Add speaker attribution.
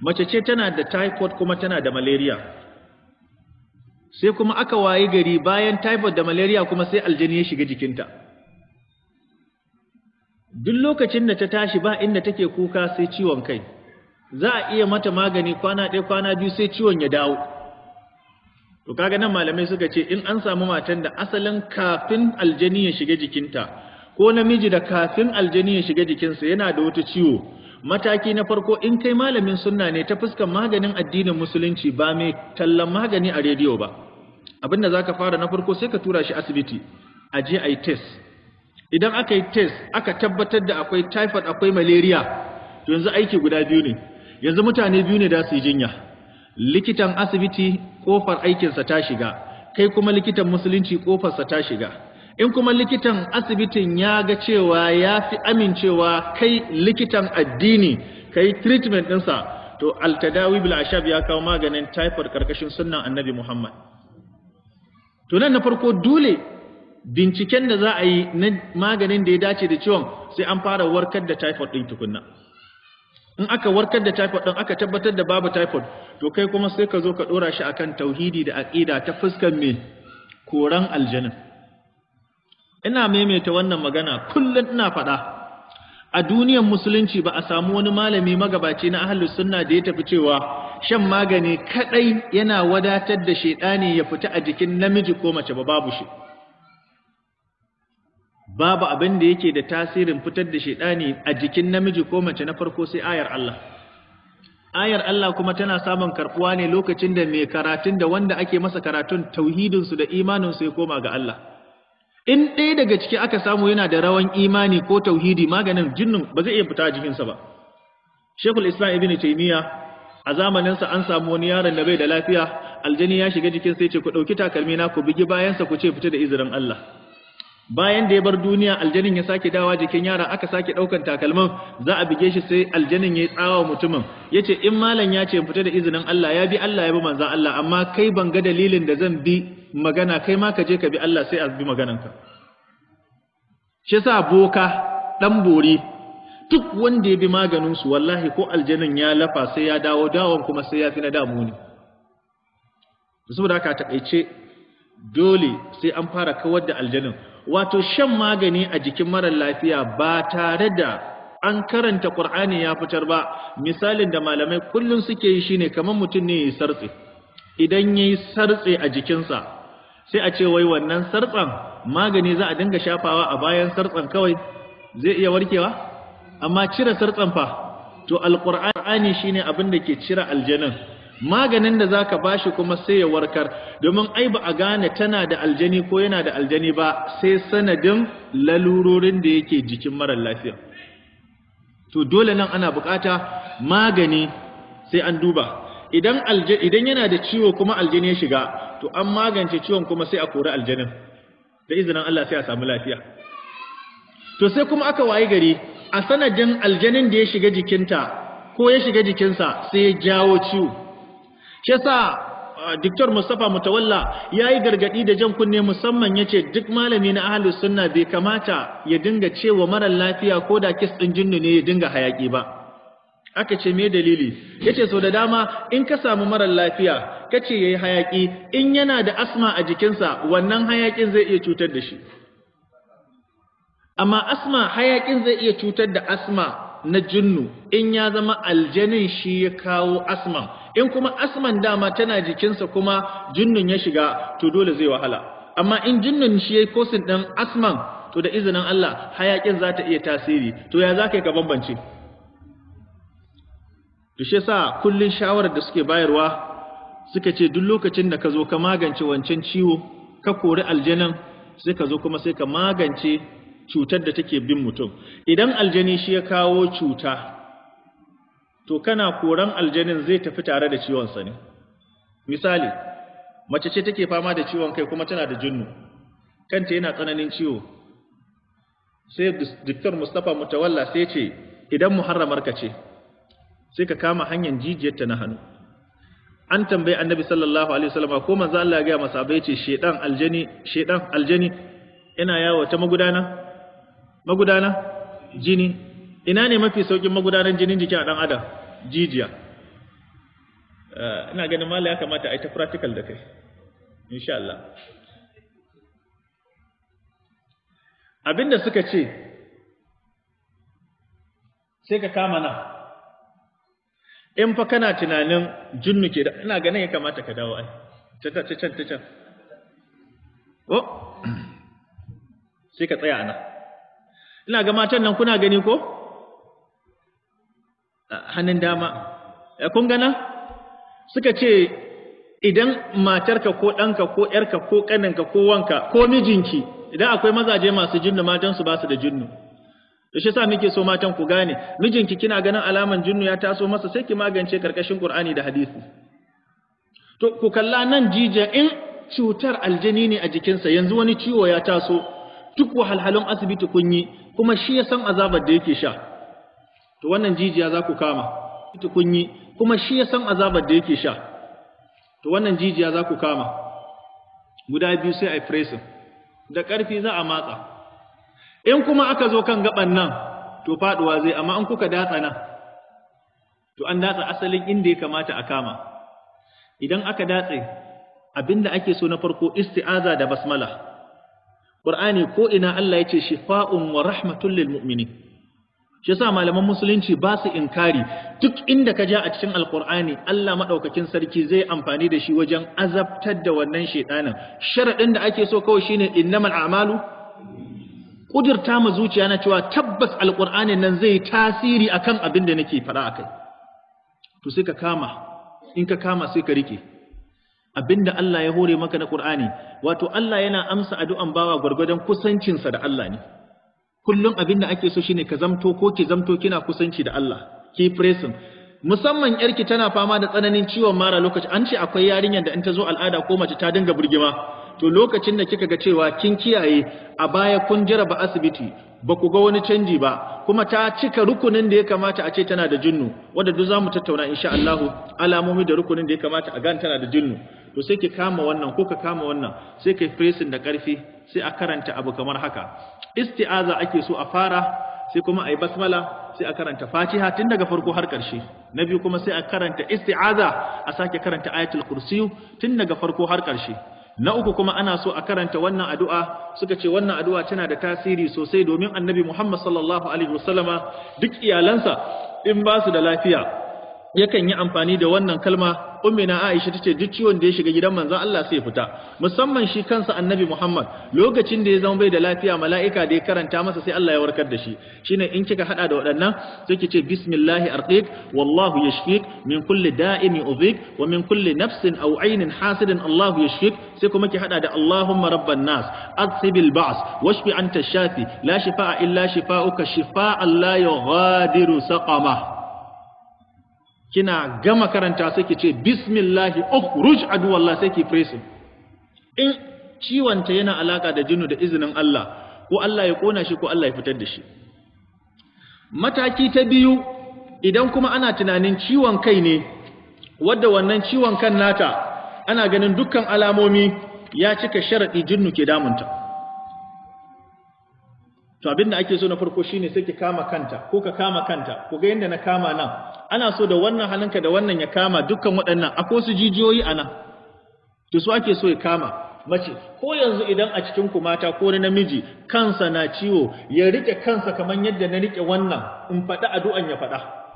Speaker 1: mace ce tana da typhoid kuma tana da malaria sai kuma aka wayi gari bayan typhoid da malaria kuma sai aljani ya shiga jikinta duk lokacin da ta tashi ba inda take kuka sai ciwon kai za a iya mata magani kwana ɗaya kwana biyu sai ciwon ya dawo to kaga nan malamai suka ce in an samu matan da asalin kafin aljani ya shiga jikinta ko namiji da kafin aljani ya shiga jikinsa yana da wata ciwo mataki na farko in kai malamin sunna ne ta fuskan maganin addinin musulunci ba mai tallan magani a rediyo ba abinda zaka fara na farko sai ka tura shi asibiti a je a yi test idan aka yi tes, aka tabbatar da akwai typhoid akwai malaria to yanzu aiki guda biyu ne yanzu mutane biyu ne da su yi jinya likitan asibiti kofar aikinsa ta shiga kai kuma likitan musulunci kofarsa ta shiga in kuma likitan asibitin ya ga cewa ya fi amincewa kai likitan addini ka yi treatment ɗinsa to altadawi bil ashab ya kawo maganin typhoid karkashin sunnan annabi muhammad to nan na farko dole binciken da za a yi na maganin da ya dace da ciwon sai an fara warkar da typhoid ɗin tukunna in aka warkar da typhoid ɗin aka tabbatar da babu typhoid to kai kuma sai ka zo ka ɗora shi akan tauhidi da aƙida ta fuskar mai koran aljanin ina maimaita wannan magana kullum ina faɗa a duniyar musulunci ba a samu wani malami magabaci na ahlus sunna da ya tafi cewa shan magani kaɗai yana wadatar da shaidani ya fita a jikin namiji ko mace ba babu shi babu abin da yake da tasirin fitar da shaidani a jikin namiji ko mace na farko sai ayar Allah ayar Allah kuma tana samun karbuwa ne lokacin da mai karatun da wanda ake masa karatun tauhidinsu da imaninsu ya koma ga Allah in ɗaya daga ciki aka samu yana da rawan imani ko tauhidi maganin jinnin ba zai iya fita a jikinsa ba shekul islam ibn taymiya a zamanin sa an samu wani yaron da bai da lafiya aljani ya shiga jikin sai ce ku ɗauki takalmi na ku bigi bayansa ku ce fita da izinin Allah bayan da ya bar duniya aljanin ya sake dawa jikin yara aka sake ɗaukan takalmin za a bige shi sai aljanin ya tsawa mutumin ya ce in malam ya ce fita da izinin Allah ya bi Allah ya bi manzan Allah amma kai ban ga dalilin da zan bi magana kai ma ka je ka bi Allah sai a bi magananka shi yasa boka ɗan bori duk wanda ya bi maganinsu, wallahi ko aljanin ya lafa sai ya dawo dawon kuma sai ya fi na damu ne saboda haka takaice dole sai an fara kawar da aljanin wato shan magani a jikin marar lafiya ba tare da an karanta ƙur'ani ya fitar ba misalin da malamai kullum suke yi shine kamar mutum ne ya sartse idan ya yi sartse a jikinsa sai a ce wai wannan sartsan magani za a dinga shafawa a bayan sartsan kawai zai iya warkewa amma cire sartsan fa to alqur'ani shine abin da ke cire aljanin maganin da zaka bashi kuma sai ya warkar domin ai ba a gane tana da aljani ko yana da aljani ba sai sanadin lalurorin da yake jikin mara lafiya to dole nan ana bukata magani sai an duba idan idan yana da ciwo kuma aljani ya shiga to an magance ciwon kuma sai a kori aljanin da izinin Allah sai a samu lafiya to sai kuma aka wayi gari a sanadin aljanin da ya shiga jikinta ko ya shiga jikinsa sai ya jawo ciwo shi yasa Diktor Mustapha Mutawalla ya yi gargaɗi da jan kunne musamman yace duk malami na ahlus sunna bai kamata ya dinga cewa marar lafiya ko da kis ɗin jinnu ne ya dinga hayaki ba. Aka ce me dalili? Ya ce sau da dama in ka samu marar lafiya kace yayi hayaki in yana da asma a jikinsa wannan hayakin zai iya cutar da shi amma asma hayakin zai iya cutar da asma na jinnu in ya zama aljanin shi ya kawo asman in kuma asman dama tana jikinsa kuma jinnun ya shiga to dole zai wahala amma in jinnun shi ya kosin ɗin asman to da izinin Allah hayakin za ta iya tasiri to ya za ka yi ka bambance shi yasa kullum shawarar da suke bayarwa suka ce duk lokacin da ka zo ka magance wancan ciwo ka kori aljanan sai ka zo kuma sai ka magance cutar da take bin mutum idan aljani shi ya kawo cuta to kana koran aljanin zai tafi tare da ciwonsa ne misali mace ce take fama da ciwon kai kuma tana da junnu kanta yana tsananin ciwo sai dr mustapha mutawalla sai ce idan muharramar ka ce sai ka kama hanyar jijiyarta na hannu an tambayi annabi sallallahu alaihi wasallam ko manzo Allah ya ga masa bai ce shedan aljani shedan aljani ina yawo ta magudana magudana jini ina ne mafi saukin magudanan jinin jiki a dan adam jijiya eh, ina ganin mallaka ya kamata ai ta practical da kai insha Allah abinda suka ce sai ka kama nan in fa kana tunanin jinnu ke da ina ganin ya kamata ka dawo ai ta ta can ta can oh sai ka tsaya ana ina ga matan nan kuna gani ko hannun dama kun gana suka ce idan matarka ko ɗanka ko ka, ko ƙaninka ko wanka ko mijinki idan akwai mazaje masu jinnu su ba su da jinnu shi sa muke so matan ku gane mijinki kina ganin alaman jinnu ya taso masa sai ki magance karkashin Qur'ani da hadisi to ku kalla nan jija in cutar aljini ne a jikinsa yanzu wani ciwo ya taso duk wahalhalun asibiti kun yi kuma shi ya san azabar da yake sha to wannan jijiya za ku kama ita kun yi kuma shi ya san azabar da yake sha to wannan jijiya za ku kama guda biyu sai a yi da ƙarfi za a matsa in kuma aka zo kan gaban nan to faduwa zai amma an kuka datsa nan to an datsa asalin inda ya kamata a kama idan aka datse abinda ake so na farko isti'aza da basmala Qur'ani ko ina Allah yace shifa'un wa rahmatul lil mumini shi yasa malaman musulunci ba su inkari duk inda ka ja a cikin alqur'ani Allah madaukakin sarki zai amfani da shi wajen azabtar da wannan shedanin sharadin da ake so kawai shine innamal a'malu ƙudurta ma zuciya na cewa tabbas alƙur'ani nan zai tasiri akan abin da nake faɗa akai to sai ka kama in ka kama sai ka rike abinda Allah ya hore maka na ƙur'ani, wato Allah yana amsa addu'an bawa gurgurdan kusancinsa da Allah ne kullum abinda ake so shine ka zamto ko ki zamto kina kusanci da Allah ki present musamman yarki tana fama da tsananin ciwon mara lokaci an ce akwai yarinyar da in ta zo al'ada ko mace ta dinga burgima to lokacin da kika ga cewa kin kiyaye a baya kun jira ba asibiti ba ku ga wani canji ba kuma ta cika rukunin da ya kamata a ce tana da jinnu wanda duk zamu tattauna insha Allah alamomi da rukunin da ya kamata a gane tana da jinnu to sai ki kama wannan ko ka kama wannan sai kai pressing da karfi sai a karanta abu kamar haka isti'aza ake so a fara sai kuma ayi basmala sai a karanta fatiha tun daga farko har ƙarshe na biyu kuma sai a karanta isti'aza a sake karanta ayatul kursiyu tun daga farko har ƙarshe na uku kuma ana so a karanta wannan addu'a suka ce wannan addu'a tana da tasiri sosai domin annabi Muhammad sallallahu alaihi wasallama duk iyalansa in ba su da lafiya yakan yi amfani da wannan kalma ummina Aisha tace duk ciwon da ya shiga gidan manzon Allah sai fita musamman shi kansa Annabi Muhammad lokacin da ya zama bai da lafiya mala'ika da ya karanta masa sai Allah ya warkar da shi shine in kika hada da waɗannan sai ki ce bismillahi arqiq wallahu yashfik min kulli da'in yu'zik wa min kulli nafsin aw aynin hasidin Allahu yashfik sai kuma ki hada da Allahumma rabban nas atsibil ba's washfi anta shafi la shifaa illa shifa'uka shifaa'an la yughadiru saqama kina gama karanta sai ki ce bismillahi ukhruj aduwallah sai ki praise in ciwon ta yana alaka da jinu da izinin Allah ko Allah ya kona shi ko Allah ya fitar da shi mataki ta biyu idan kuma ana tunanin ciwon kai ne wadda wannan ciwon kan nata ana ganin dukkan alamomi ya cika sharadi jinnu ke damunta to abinda ake so na farko shine sai ki kama kanta ko ka kama kanta ku ga yanda na kama nan ana so da wannan halinka da wannan ya kama dukkan waɗannan akwai su jijiyoyi a nan to su ake so ya kama mace ko yanzu idan a cikin ku mata ko na namiji kansa na ciwo ya rike kansa kamar yadda na rike wannan in faɗi addu'an ya faɗa